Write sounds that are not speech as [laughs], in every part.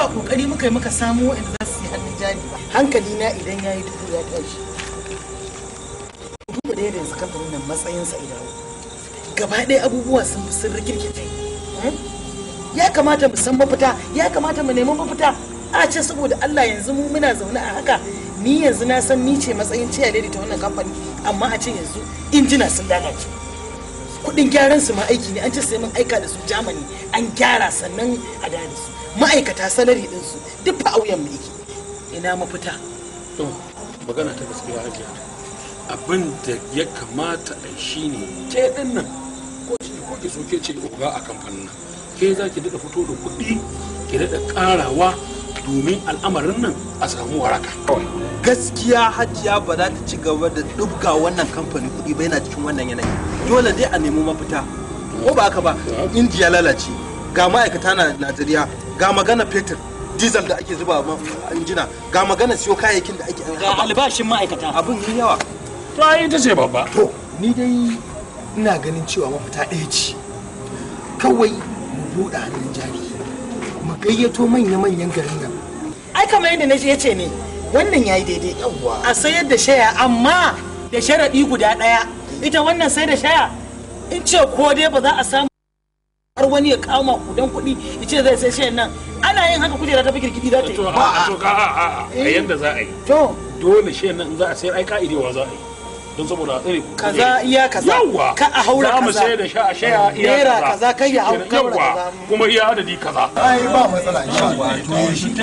ba kokari muka yi muka samu wa'anda za su yi hannun jari ba hankali na idan ya yi duhu ya tashi duba da yadda yanzu kamfanin nan matsayinsa idan gaba ɗaya abubuwa sun fi sun rikirkita hmm? ya kamata mu san mafita ya kamata mu nemi mafita a ce saboda Allah yanzu mu muna zaune a haka ni yanzu na san ni ce matsayin ciya da ta wannan kamfani amma a ce yanzu injina sun lalace kudin gyaran su ma aiki ne an ce sai mun aika da su jamani an gyara sannan a dare su ma'aikata salari su duk fa auyen miki yake ina mafita to magana ta gaskiya hajiya abin da ya kamata a shi ne ke ɗin nan ko shi ko ki so ke ce uba a kamfanin nan ke za ki daɗa fito da kuɗi ki daɗa ƙarawa domin al'amarin nan a samu waraka gaskiya hajiya ba za ta ci gaba da ɗubga wannan kamfanin kuɗi ba yana cikin wannan yanayi dole dai a nemi mafita ko ba haka ba injiya lalace ga ma'aikata na najeriya ga magana fetur diesel da ake zuba ma injina ga magana siyo kayayyakin da ake ga albashin ma'aikata abin yi yawa to ai ita ce babba to ni dai ina ganin cewa mafita ɗaya ce kawai mu buɗe hannun jari mu gayyato manya-manyan garin nan ai kamar yadda na ya ce ne wannan yayi daidai a sayar da shaya amma da sharaɗi guda ɗaya ita wannan sai da shaya in ce ko dai ba za a samu har wani ya kama kudan kuɗi ya ce zai sai shayin nan ana yin haka kujera ta fi kirkiti za ta yi. To a a a a yanda za a yi. To. Dole shayin nan za a sayar ai ka'idewa za a yi. don saboda a kaza iya kaza yawa ka a haura kaza za mu sai da sha a shaya iya kaza kaza kai ya haura yawa kuma iya adadi kaza ai ba matsala insha Allah to shi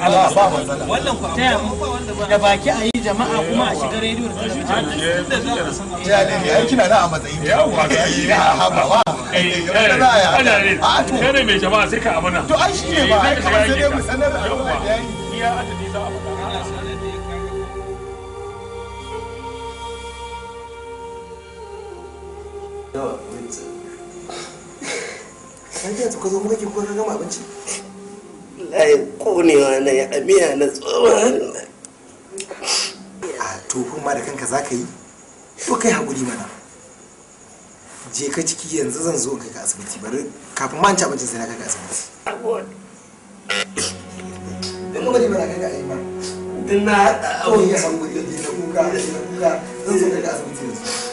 Allah ba matsala wannan ku taya mu da baki a yi jama'a kuma a shiga da shi ya ne kina na a yawa ga eh, eh, eh, yi na haba ba ah, kai ne mai jama'a sai ka to ai shi ne ba sai dai mu sanar da iya adadi za a yawa wita lafiya ta kwazo kuma ke kuma gama abinci layi konewa na ya amiya na tsohon a tofu ma da kanka za ka yi to kai haƙuri mana je ka ciki yanzu zan zo kai asibiti bari kafin ma ci abincin sai na asibiti Dinna haɗa awon ya haƙuri da kuka, da kuka,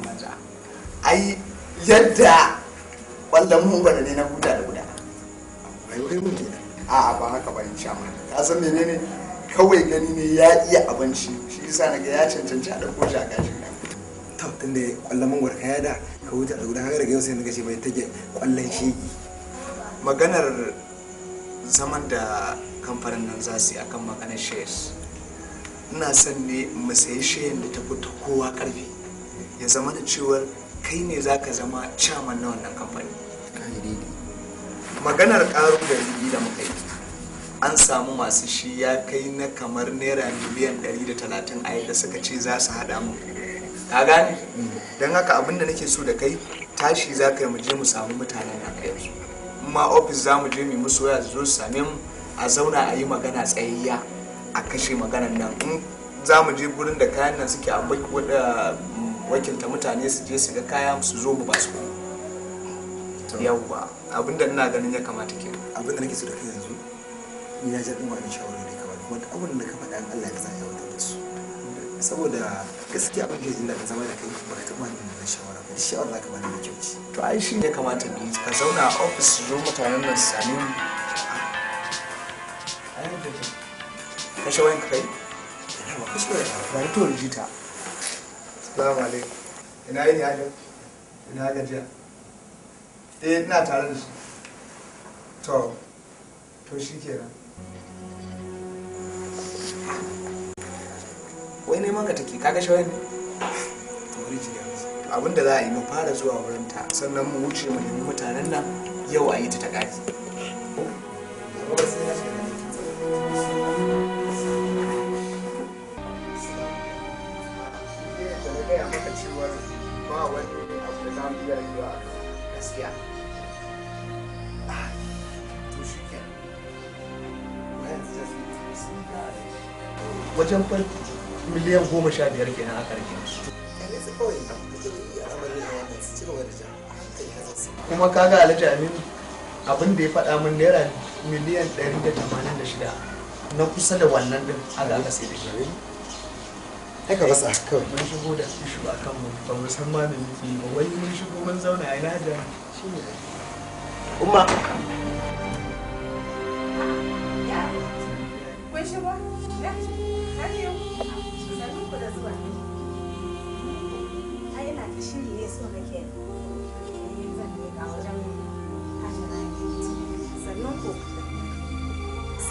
ai yadda ƙwallon mubara ne na guda da guda bai wai mun kenan a ba haka ba in sha ka san menene kawai gani ne ya iya abinci shi yasa naga ya cancanci a ɗauko shi a gashin nan to tunda ƙwallon warka ka yada ka huta da guda haka daga yau sai naga shi bai take ƙwallon shi maganar zaman da kamfanin nan za su yi akan maganar shares ina son ne mu sayi shayin da ta fi ta kowa karfi ya zama da cewar kai ne za ka zama chairman na wannan kamfani maganar ƙaru da da muka yi an samu masu shi ya kai na kamar naira miliyan 130 a yadda suka ce za su haɗa mu ka gane don haka abinda da nake so da kai tashi za ka yi mu je mu samu mutanen nan a yanzu ma ofis za mu je mu musu waya zo su same mu a zauna a yi magana tsayayya a kashe maganar nan in za mu je gurin da kayan nan suke a uh, wakilta mutane su je su ga kaya su zo mu ba su yawwa abinda ina ganin ya kamata ke abinda nake so da kai yanzu ina ji ɗin wani shawarwari kamar wanda abin da ka faɗa an Allah ya sa ya wata su saboda gaskiya abin da zama da kai ba ka taɓa ni da shawara ba shawara ka bani da kyau to ai shi ya kamata ne ka zauna a ofis su zo mutanen nan su same ni kashe wayan kai ba kashe wayan ba ka to rijita Salamu alaikum. Ina yi ne hajjo? Ina gajiya? Eh ina tare da su. To, to shi kenan. Wai neman ka take kaga shawayen ne? To wani jiya. Abin da za a yi mu fara zuwa wurin ta sannan mu wuce mu nemi mutanen nan yau a yi ta ta ƙari. Ko? Ba sai ya shiga. ba wani abu da za mu a kan ah, wajen farko miliyan goma sha biyar kenan aka rage musu kuma kaga alhaji aminu abin da ya faɗa min naira miliyan ɗari da tamanin da shida na kusa da wannan din aka aka sai da shi ai ka rasa kawai mun shigo da ishu a kan ba mu san ma me muke ba wai mun shigo mun zauna a ina da shi ne umma kun shigo ne so nake eh, zan ga wajen sannan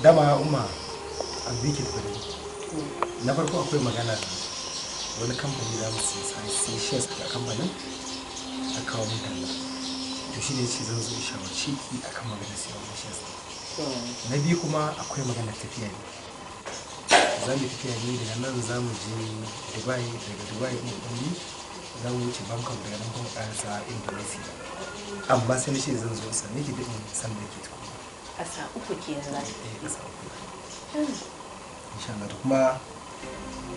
dama ya umma an bikin ki na farko akwai magana wani kamfani da musu sai shes a kamfanin a kawo mun dalla to shi ne ce zan zo shawarci ki akan magana sai wani shares na biyu kuma akwai magana tafiya ne za mu tafiya ne daga nan za mu je dubai daga dubai ɗin ɗin za mu wuce bangkok daga nan kuma ƙarasa indonesia amma sai nace zan zo sanne ki duk san da ke tuku asa uku ke nan eh ƙasa uku hmm. insha Allah to kuma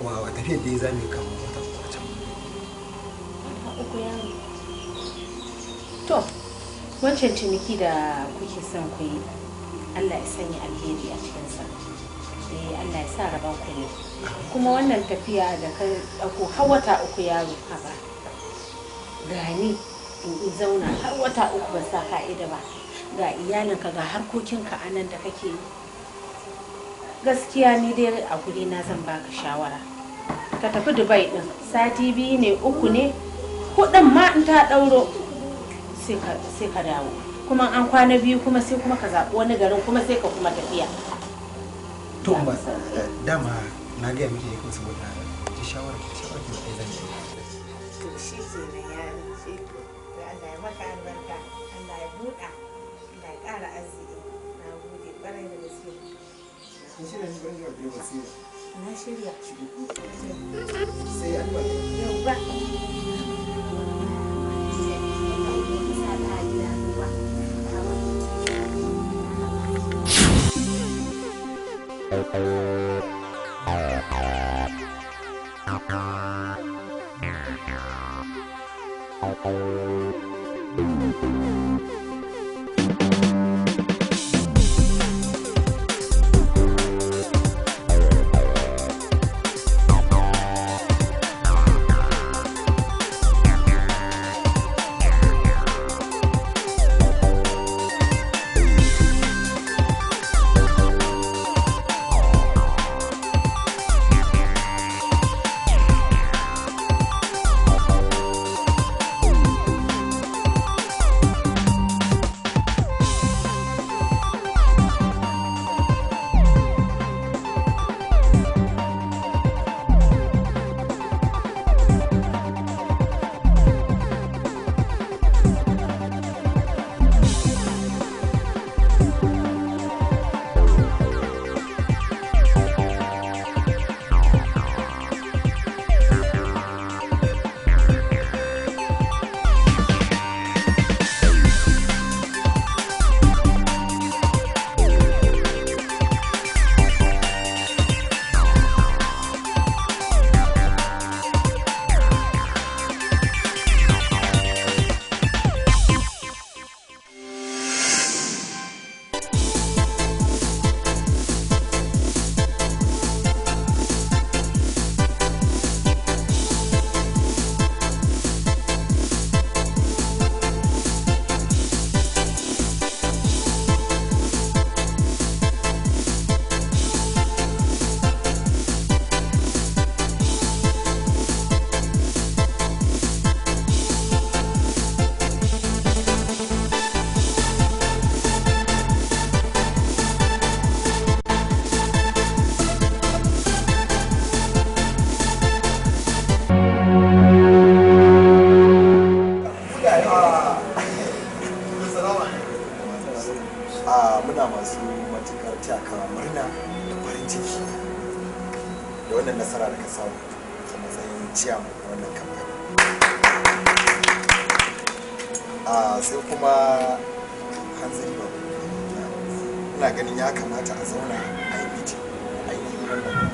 wa wa tafi da za mu kawo kamar wata wata uku ya to wancan ciniki da kuke son ku yi Allah ya sanya alheri a cikin sa eh Allah ya sa raban ku ne kuma wannan tafiya da kai ko har wata uku yaro haba gani in zauna har wata uku ba sa ka'ida ba ga iyalinka ga harkokinka a nan da kake yi gaskiya ni dai a guri na zan baka shawara ka tafi dubai din sati biyu ne uku ne kudin ma in ta dauro sai ka dawo kuma an kwana biyu kuma sai kuma ka zaɓi wani garin kuma sai ka kuma tafiya to ba eh, dama na gaya miki ne kuma saboda ji shawara ki shawara ki zan yi 你现在是不有点比我急了？你来修理啊？修理？谁安排的？要不吧？嗯，现在太远了，好吧？ciyaman wannan kamfani ah, sai kuma hanzari ba ina ganin ya kamata a zauna a yi mitin a yi wannan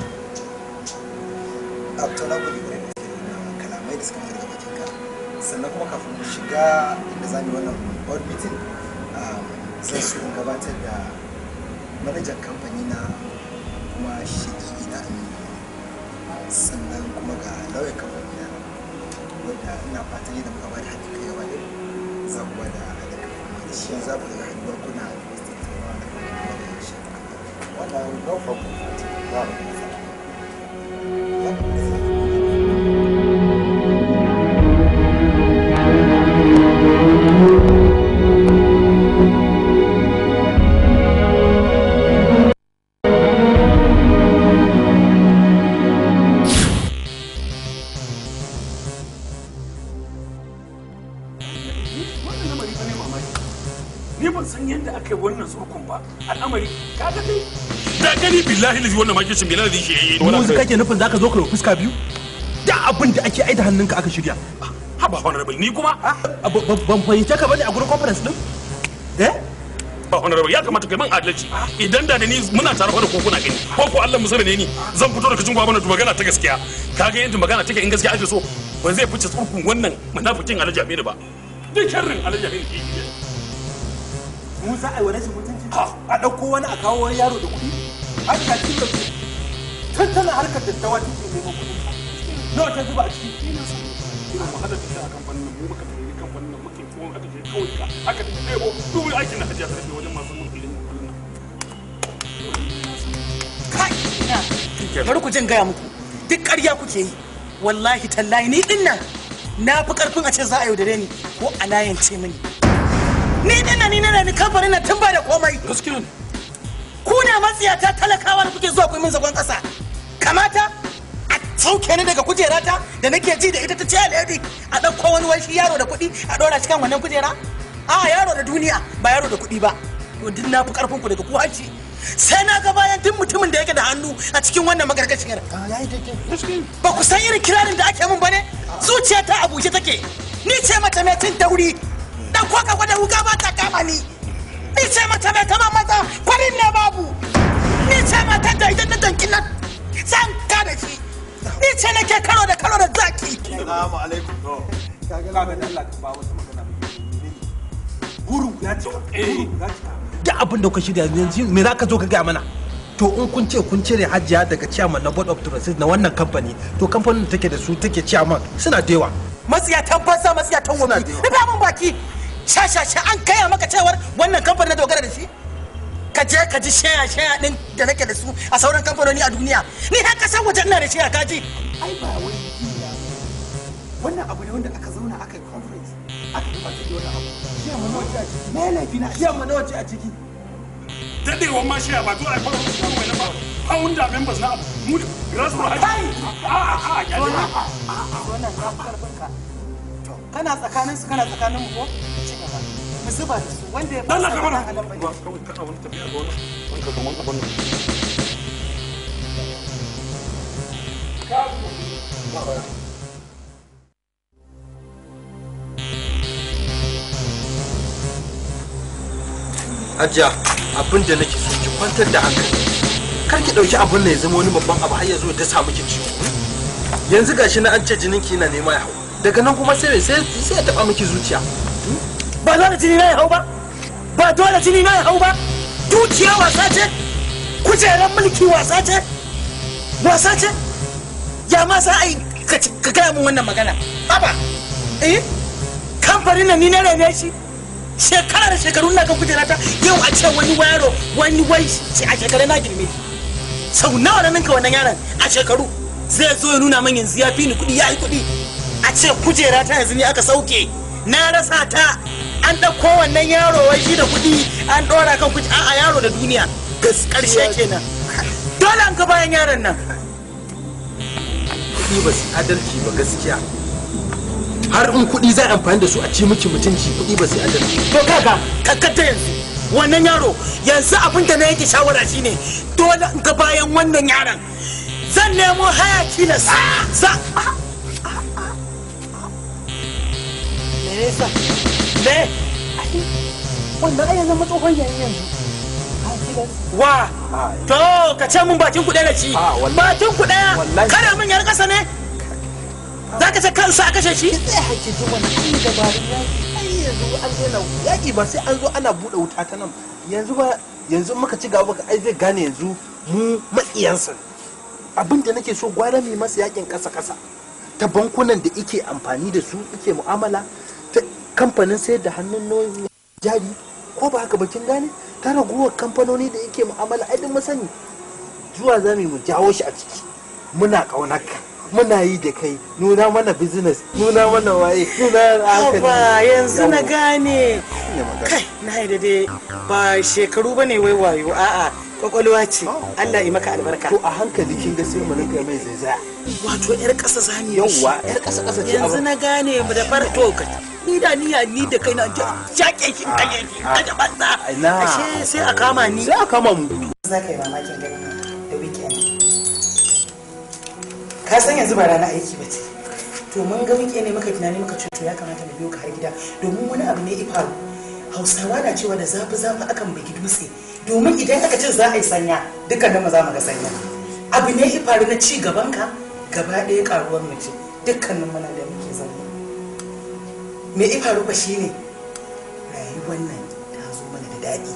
abta na gudu da kalamai da suka fi daga bakinka sannan kuma kafin mu shiga inda za wannan board meeting ah, zan gabatar da manajan kamfani na kuma shi ƙauye kamar gida wanda ina fatan yadda muka bada haɗin kai gaba ɗaya za ku bada haɗin kai kuma da shi za ku ga haɗuwa kuna da wasu tattaunawa da kuma da shi wannan no problem sake wannan surkun ba al'amari ka ga dai da gani billahi lazi wannan makircin billahi zai shi yayi wala kai kake nufin zaka zo ka fuska biyu da abin da ake aida hannunka aka shirya ah, haba honorable ni kuma ah, ah, ban fahimce ka bane a gurin conference din eh ba honorable ya kamata kai man adalci idan da ni muna tare da ko kuna gani ko ko Allah musara ne ni zan fito daga cikin gwamnati magana ta gaskiya kaga yanda magana take in gaskiya ake so ba zai fice tsurkun wannan munafikin alhaji Aminu ba duk sharrin alhaji Aminu ke mu za a yi wa rashin mutunci a ɗauko wani a kawo wani yaro da kuɗi an ka ci da tun tana harkar da dattawa ke neman kuɗi nawa ta zuba a ciki ina wahalar da ta a kamfanin mu muka tafi kamfanin nan muke tuwon aka je kawai ka aka tafi ɗebo dubu aikin na hajiya sarfe wajen masu mun ilimi kai ina bari ku jin gaya muku duk ƙarya kuke yi wallahi tallahi ni dinnan na fi ƙarfin a ce za a yaudare ni ko a layance mini ni dina ni na ni kamfanin na tun ba da komai gaskiya ne ku na matsiyata talakawa da kuke zuwa ku min zagon kasa kamata a sauke ni daga kujerata da nake ji da ita ta ce alheri a ɗauko wani wani yaro da kuɗi a ɗora cikin wannan kujera a yaro da duniya ba yaro da kuɗi ba to duk na fi ƙarfin ku daga ku hanci sai na ga bayan duk mutumin da yake da hannu a cikin wannan magargashiyar ba ku san irin kirarin da ake mun ba ne zuciya ta a take ni ce mata mai cin tauri ko ka gwada wuka ba ta kama ni ni ce mata mai kama mata farin ne babu ni ce mata da idan na danki na san ka da shi ni ce ke karo da karo da zaki assalamu alaikum to kaga na da Allah ka ba wata magana guru ya ce eh da abin da kuka shirya yanzu me za ka zo ka gaya mana to in kun ce kun cire hajiya daga chairman na board of trustees na wannan kamfani to kamfanin take da su take chairman suna da yawa matsiya tabbasa matsiya tanwami ina mun baki shashasha an kaya maka cewar wannan kamfanin na dogara da shi ka je ka ji shaya shaya din da nake da su a sauran kamfanoni a duniya ni har san waje ina da shaya kaji ai ba wai wannan abu ne wanda aka zauna aka yi conference aka yi baki da abu shi shaya mana waje a ciki me laifi na shaya mana waje a ciki dadewan ma shaya ba to ai fara shi mai na ba founder members na abu mu grassroots a a a a a a a a a a a a kana tsakanin su kana tsakanin mu ko ci gaba mu zuba da su wanda ya ba Allah kamar ba kawai kana wani tafiya ga wannan ajiya abin da nake so ki kwantar da hankali kar ki ɗauki abin da ya zama wani babban abu har ya zo da sa miki ciwo yanzu gashi na an ce jinin ki yana nema ya hau daga nan kuma sai sai ya taba miki zuciya hmm? ba dole jini na ya hau ba ba dole jini na ya hau ba dukiya wasa ce kujeran mulki wasa ce wasa ce ya ma sa ai ka ka gaya min wannan magana baba eh kamfanin nan ni na rene shi shekara da shekaru na kan kujerata yau a ce wani wayaro wani wai a shekaru na girme sau nawa na ninka wannan yaron a shekaru zai zo ya nuna man yanzu ya fi ni kuɗi ya yi kuɗi a ce kujera ta yanzu ne aka sauke na rasa ta an ɗauko wannan yaro wai shi da kuɗi an ɗora kan kuɗi a yaro da duniya karshe kenan dole an ka bayan yaron nan kudi ba su adalci ba gaskiya har in kuɗi za amfani da su a ci miki mutunci kuɗi ba su adalci to kaka kakkata yanzu wannan yaro yanzu abin da na yake shawara shine dole in ka bayan wannan yaron zan nemo haya na sa yasa ne Wanda ai zama tsohon yayin yanzu wa to ka ce mun bakin kuɗe da shi bakin kuɗe kada mun yar ƙasa ne za ka ce kansa a kashe shi zai haƙi ji wani hanyar dabarun yaƙi yanzu an na yaƙi ba sai an zo ana buɗe wuta ta nan yanzu ba yanzu muka ci gaba ai zai gane yanzu mu matsiyansa abin da nake so gwara mai masa yaƙin ƙasa-ƙasa ta bankunan da ike amfani da su ike mu'amala kamfanin sayar da hannun jari ko ba haka bakin gane ta raguwar kamfanoni da yake mu'amala ai mun sani zuwa za mu jawo shi a ciki muna ƙaunarka muna yi da kai nuna mana business nuna mana waye nuna hankali ba yanzu na gane kai na yi da dai ba shekaru ba ne wai wayo a'a kwakwalwa ce oh. Allah yi maka albarka to a hankali kin ga sai mu rinka mai zaizaya wato yar ƙasa zani yawa yar ƙasa yanzu na gane mu da farko ka ni da ni da kai na jake shi kaje kaje banza ashe sai a kama ni sai a kama mu za ka yi mamakin ganin da weekend ka san yanzu ba rana aiki ba ce to mun ga muke ne muka tunani muka ce to ya kamata mu biyo ka har gida domin wani abu ne ifaru hausawa na cewa da zafi zafi akan bugi dutse domin idan aka ce za a yi sanya dukkan mu za mu ga sanya abu ne ifaru na ci gaban ka gaba ɗaya karuwar mace dukkanin muna da me ifa shi shine rayuwar nan ta zo mana da daɗi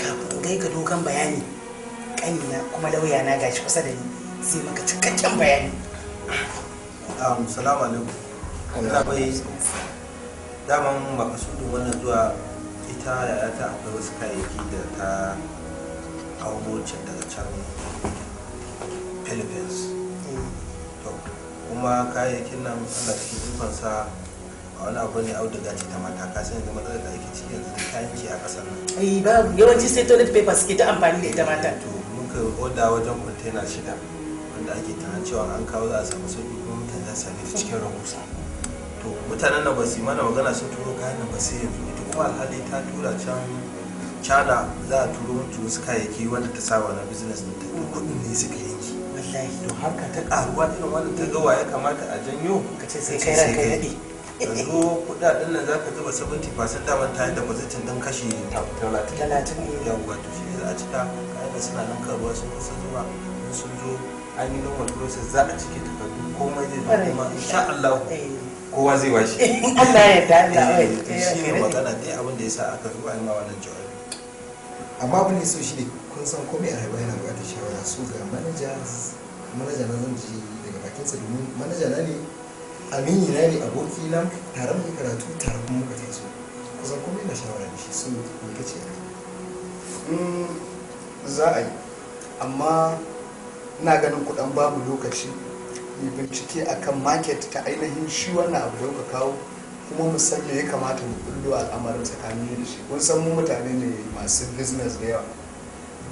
kafin gai ga dogon bayani kanina kuma lauya na gashi kusa da ni sai maka cikakken bayani um salamu alaikum ina bai daman sudu wannan zuwa ita ta akwai wasu kayayyaki da ta auro daga can philippines eh. to kuma kayayyakin nan Allah cikin ikonsa wani abu ne auduga ce ta mata ka san yanzu matsalar da ake ciki yanzu ta yanki a kasar nan ai babu yawanci sai toilet paper suke ta amfani da ita mata to mun kai oda wajen container shida wanda ake tunanin cewa an kawo za a samu sauki kuma mutane za su same su cikin rahusa to mutanen nan ba su yi mana magana sun turo kayan nan ba sai yanzu ita kuma alhali ta tura can cana za a turo mutu wasu kayayyaki wanda ta saba na business ta kudin ne suka yanki wallahi to harka ta karuwa irin wannan ta gawa ya kamata a janyo ka ce sai kai ranka ya yanzu kudaden nan za ka zuba 70% da wata da mazitin don kashe 30 talatin ya to shi za a cika kayan da suna nan kan ruwa sun kusa zuwa sun zo an yi normal process za a cike takardu komai zai zo kuma insha Allah eh. kowa zai washe [laughs] Allah ya dada eh, shi ne magana dai abin da ya sa aka zuwa yin wannan jawabi amma abin da so shi ne kun san komai a rayuwa yana buƙatar shawara su ga manaja manaja na zan ji daga bakinsa domin manaja na ne yi na ne aboki na tare da karatu tare kuma muka taso kusan kuma ina shawara da shi so me kace za a yi amma ina ganin kudan babu lokaci mai bincike kan market ta ainihin shi wannan abu da kuka kawo kuma mu san me ya kamata mu kullo al'amarin tsakanin da shi kun san mu mutane ne masu business da yawa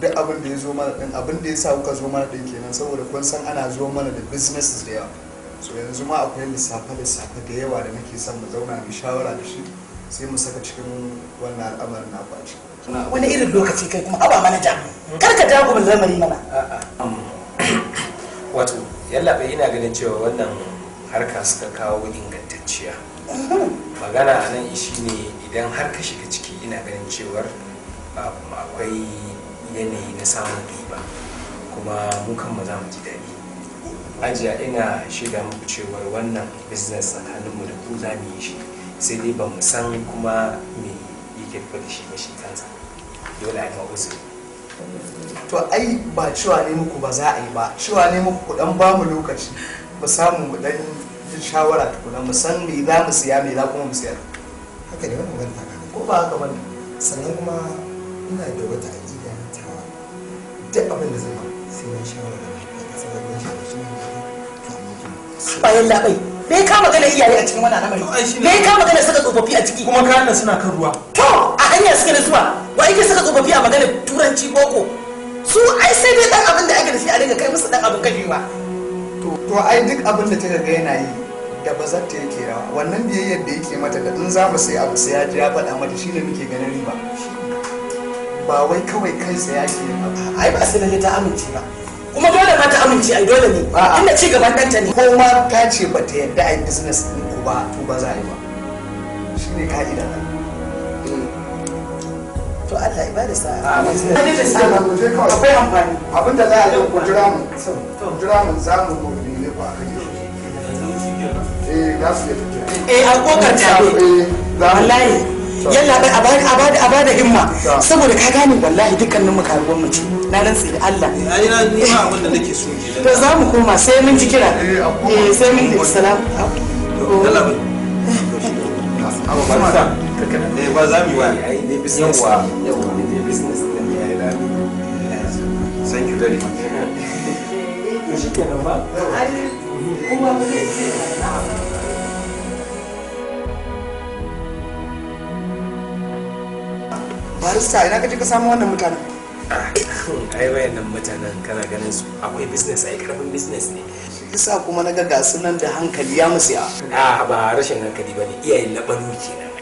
duk abin da ya zo mana din abin da ya sa kuka zo mana din kenan saboda kun san ana zo mana da businesses da yawa so yanzu ma akwai lissafe-lissafe da yawa da muke son mu zauna mu shawara da shi sai mu saka cikin wannan al'amarin na kwaci wani irin lokaci kai kuma haba manaja kar ka jago mu lamari mana wato yalla bai ina ganin cewa wannan harka suka kawo ingantacciya magana a nan shi ne idan har ka shiga ciki ina ganin cewar akwai yanayi na samun riba kuma mu kan mu za mu ji daɗi ajiya ina shiga muku cewar wannan business tsakaninmu da ku za mu yi shi sai dai ba mu san kuma me yake da shi ba shi kansa dole a yi ma'uzuri to ai ba cewa ne muku ba za a yi ba cewa ne muku ku dan mu lokaci mu samu mu dan shawara tukuna mu san me za mu siya me za kuma mu siyar haka ne wannan ban taka ko ba haka bane sannan kuma ina da wata aƙida ta duk abin da zai ba sai na shawara bayan labai me ka magana iyaye a cikin wannan al'amari me ka magana saka tsofaffi a ciki kuma kayan suna kan ruwa to a hanya suke da zuwa wa yake saka tsofaffi a magana turanci boko su ai sai dai dan abin da ake da shi a dinga kai musu dan abin kafewa to ai duk abin da ta ga yana yi da ba ta yake rawa wannan biyayyar da yake mata da in za mu sai abu sai ya ji ya faɗa mata shi ne muke ganin riba ba wai kawai kai tsaye ake yin abu ai ba sai da ta amince ba kuma dole ba ta amince ai dole ne inda ci gaban danta ne ko ma ta ce ba ta yadda ai business ɗin ko ba to ba za a yi ba shine ka'ida na eh. to Allah ya bada sa'a a ne da sa'a akwai amfani abin da za a yi ku jira mu ku jira mu za mu gobe ne ba a kan eh gaskiya eh an kokarta eh wallahi yana da a bada himma saboda ka gane wallahi dukkanin mu karuwan mu ce na rantsi da Allah ai na ni ma abin da nake so ke to za mu koma sai mun ji kira eh, eh sai mun ji salam Allah abu ba sa ne eh, ba za mu yi wani ai ne business yawa yawa ne business din ya yi dadi thank you very much eh, shi kenan ba kuma ba zai na barista ina kaje ka samu wannan mutanen ai wayannan mutanen kana ganin su akwai business ai karfin business ne sa kuma na ga su nan da hankali ya musu ya ah ba rashin hankali ba ne iyayen na. kenan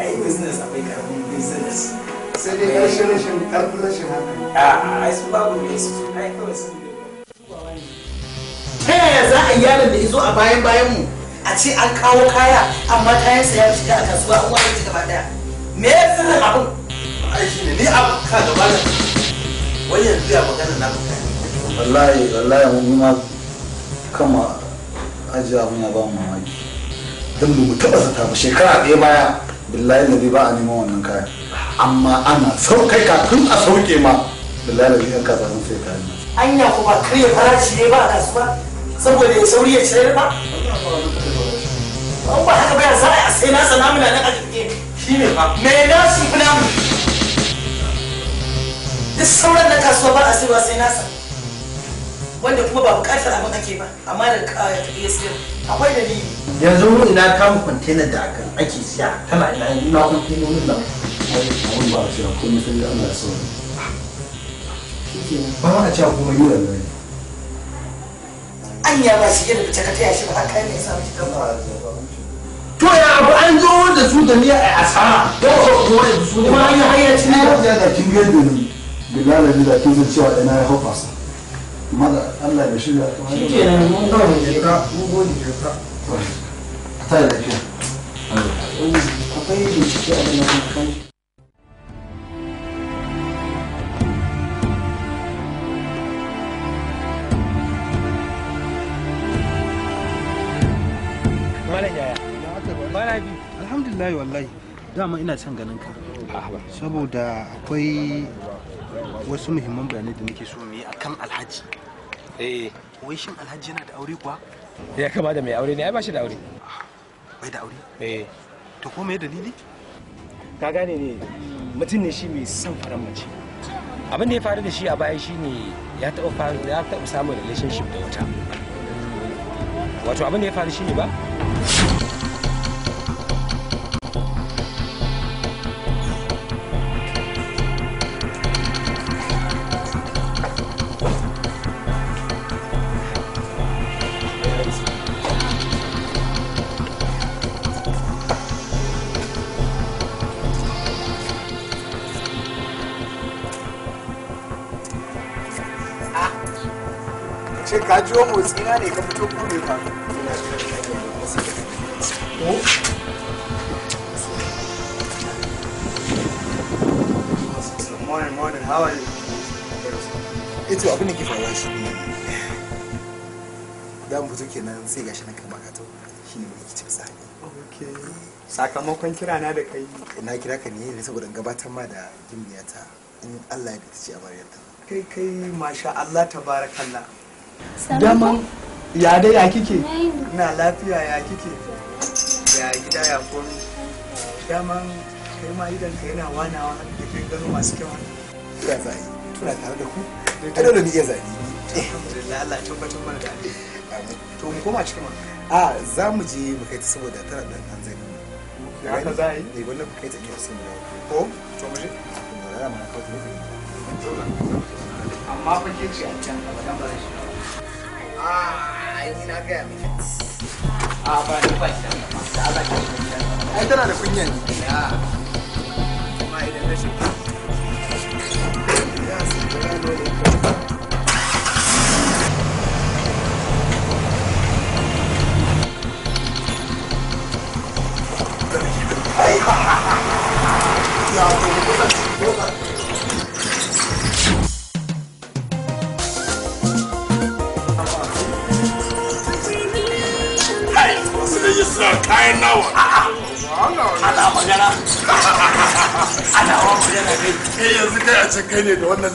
ai business akwai karfin business sai dai eh. rashin rashin karfin rashin hankali a ai su babu ne su ai kawai su ta yaya za a yaran da izo a bayan bayan mu a ce an kawo kaya amma kayan sa ya shiga a kasuwa an wani ji gaba daya me ya sirrin abin aiki ne ni abu ka gaba da wani yanzu ya magana na maka wallahi wallahi mun ma kama ajiya abin ya ba mu mamaki Don ba mu taba su ba shekara ɗaya baya billahi nabi ba a neman wannan kaya. amma ana saukai kafin a sauke ma billahi nabi an kasa sun sai kayan anya kuma kare farashi ne ba a kasuwa saboda ya sauri ya sayar ba an ba haka bayan za a sai na sana muna nan a shi ne fa me na shi fi mu. duk sauran na kasuwa ba a saiwa sai nasa wanda kuma ba bukatar abin ake ba amma da iya sayar akwai dalili yanzu mun ina kama kwantena da akan ake siya tana ina yanzu na kwantenonin nan abin ba a cewa komai sai ana sauran ba a cewa komai yi wannan anya ba shi yadda ta kataya shi ba haka ne yasa miki kama to ya abu an zo wanda su da niyya a asara don ko ko wanda su ne ma an yi hayyaci ne ba da kin gani ne bilal ne da kin cewa ina ya hofa sa mada Allah ya shirya ka shi ke nan mun ga mun jira mun gode jira ta da ke akwai bincike a nan kan malam yaya alhamdulillah wallahi dama ina son ganin ka saboda akwai wasu muhimman bayanai da nake so mu yi akan alhaji eh wai shin alhaji yana da aure kuwa ya kama da mai aure ne ai ba shi da aure ah, bai da aure eh to ko me dalili ka gane ne mutum ne shi mai son faran mace abin da ya faru da shi a baya shine ya taɓa ya taɓa samun relationship da wata wato abin da ya faru ne ba ce ka ji wa motsi na ne ka fito Good morning, morning. How are you? Ito abin da ke faruwa shi ne. Da mu fito kenan sai gashi na kama gato shi ne mai kicin Sakamakon kira na da kai. Na kira ka ne ne saboda gabatar ma da gimniyata in Allah ya da ci a bariyarta. Kai kai masha Allah tabarakallah. Daman ya dai ya kike? Na lafiya ya kike? ya gida ya komi daman kai ma idan ka yana wanawa da kai gano masu kyau ya zai tuna tare da ku eh, a dole ni iya zai alhamdulillah Allah ya tabbatar mana da to mu koma cikin wannan a za mu je mu kai ta saboda tana da an zai ne haka za a yi ne eh, wannan mu kai ta iya sun da ko to mu je amma fa ke ce a can ba dan ba zai shi Ah, na gaya mai a ni tana da kunyan ne menene da wannan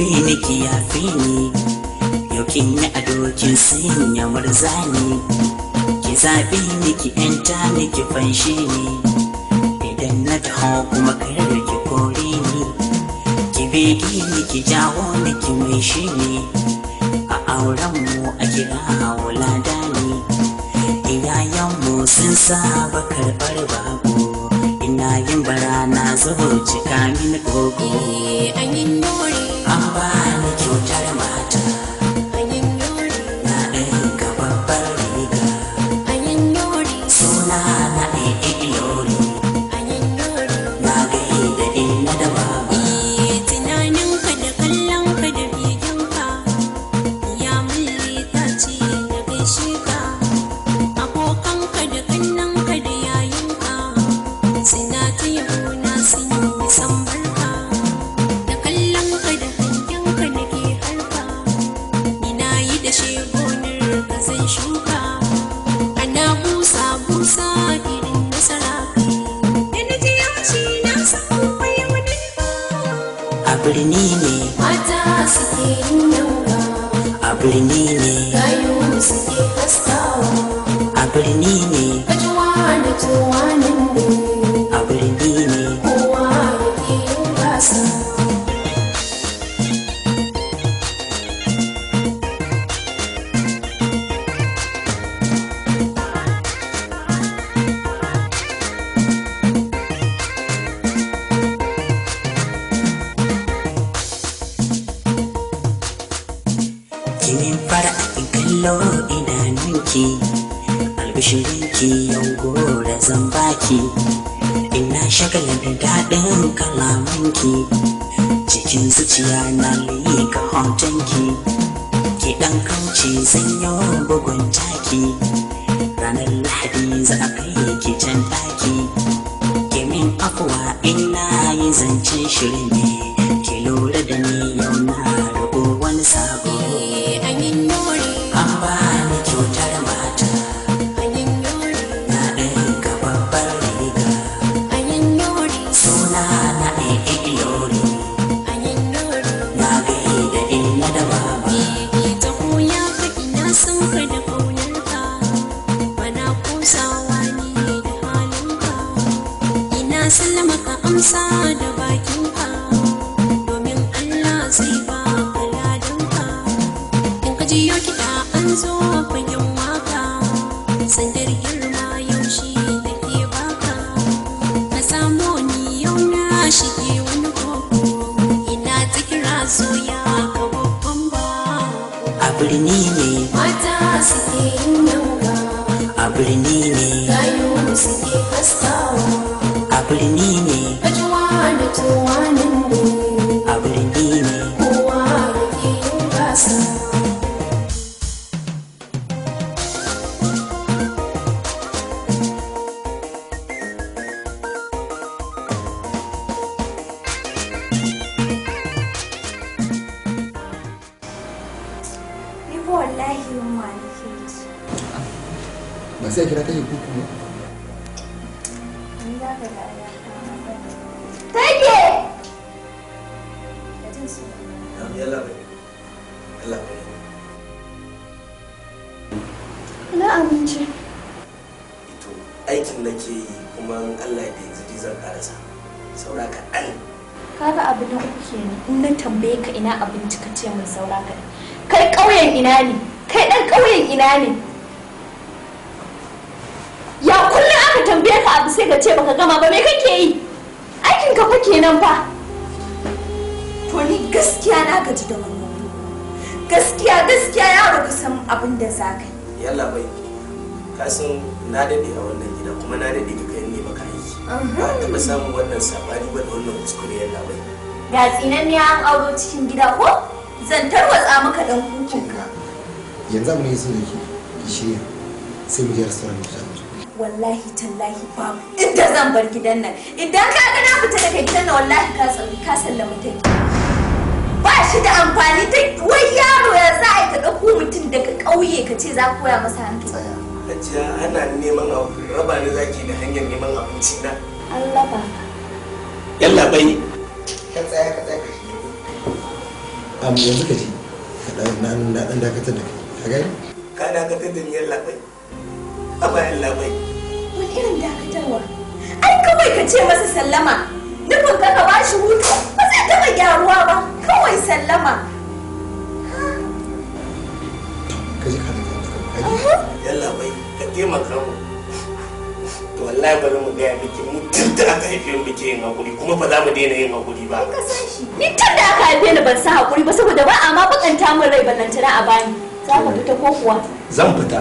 bene ni ki yafe ni yau kin yi ado kin murzani ki zaɓe ne ki yanta ni ki fanshe ni idan na taho kuma kar ki kore ni ki bege ki jawo ni ki maishe ni a auren mu a kira da ni iyayen mu sun saba karɓar bako ina yin bara na cika min gogo. Eh, Anyin nuri escuchar na shagala da daɗin ki cikin zuciya na liye ka hotonki ki ɗan kauce sanyon bugun taki ranar lahadi za a kai ki can ɗaki ki min afuwa in na yi zance shirin ne ki lura yalla bai ga tsinan ne an auro cikin gida ko zan tarwatsa maka dan hukunka yanzu mun yi sun da ki shirya sai mu je restaurant mu ta wallahi tallahi babu inda zan bar gidan nan idan ka ga na fita daga gidan nan wallahi ka tsari ka sallama ta ba shi da amfani ta wai yaro ya za a ka ɗauko mutum daga ƙauye ka ce za ka koya masa hankali Hajiya ana neman abu raba ni zaki da hanyar neman abinci na. Allah ba. Yalla bai ka tsaya ka tsaya am yanzu ka ji ka dan na dan dakatar da kai ka gani ka dakatar da ni yalla bai a bayan labai wani irin dakatarwa ai kawai ka ce masa sallama nufin ka ka bashi hutu ba zai taɓa gyaruwa ba kawai sallama ka ji ka yalla bai ka taimaka mu to wallahi zan mu gaya miki mu tunda aka haife mu miki yin hakuri kuma ba za mu daina yin hakuri ba ni tunda aka haife ni ban san hakuri ba saboda ba a ma bakanta min rai ballantana a bani za ka fita ko kuwa zan fita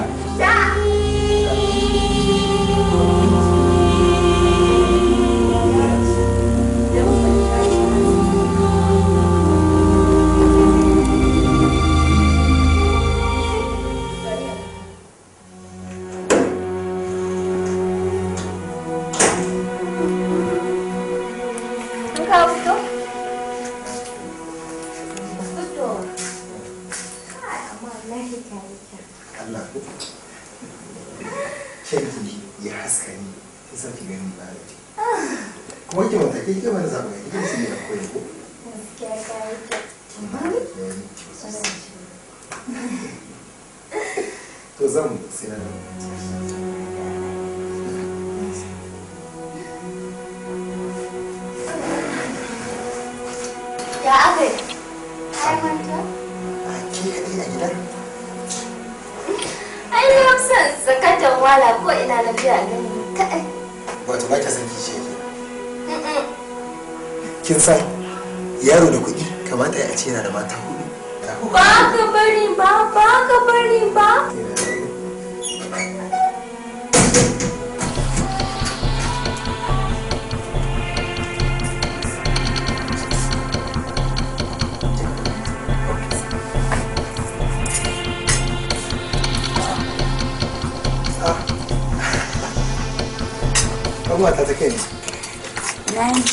zuwa ta take ne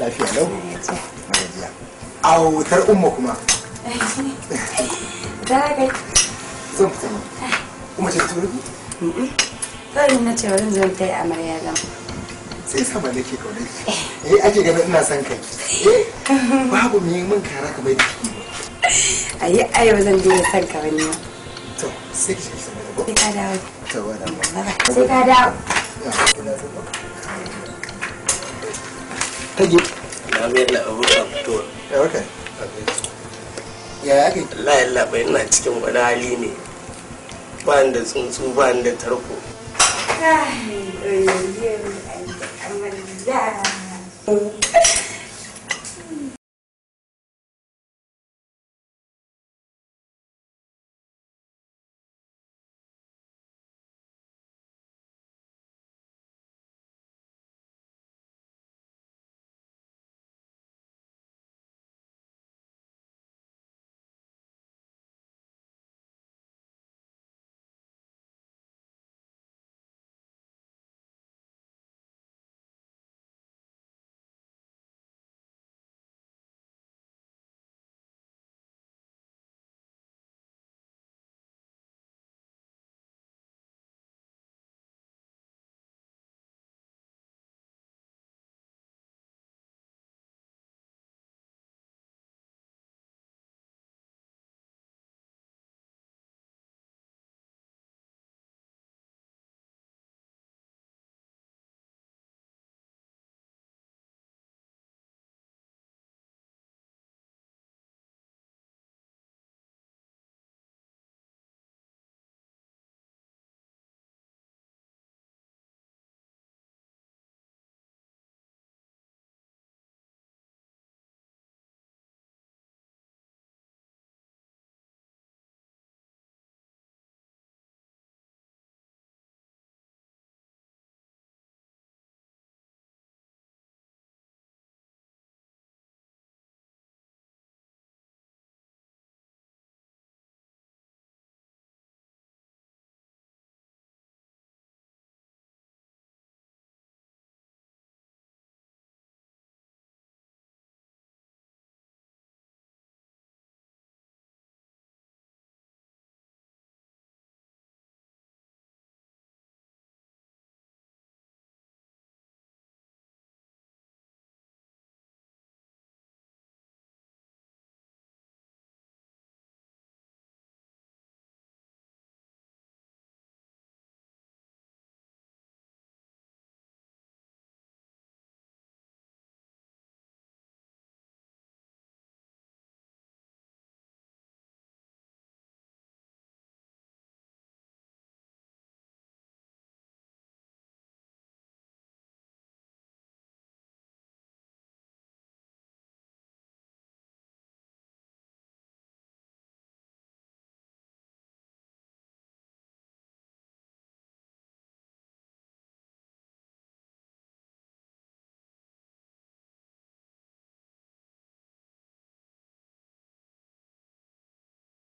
lafiya lau a wutar umma kuma zaragai zan fita ne kuma ce turu kawai na ce wurin zan kai yi amarya gan sai sama da ke kaunar ki eh ake ganin ina son kai eh, babu me mun kara ka bai da ki ayi ayo zan je son ka wani to sai ki shi sai ka dawo to wala sai ka dawo take ya ya kai Allah ya labai ina cikin wani hali ne ba da tsuntsu ba da tarko ai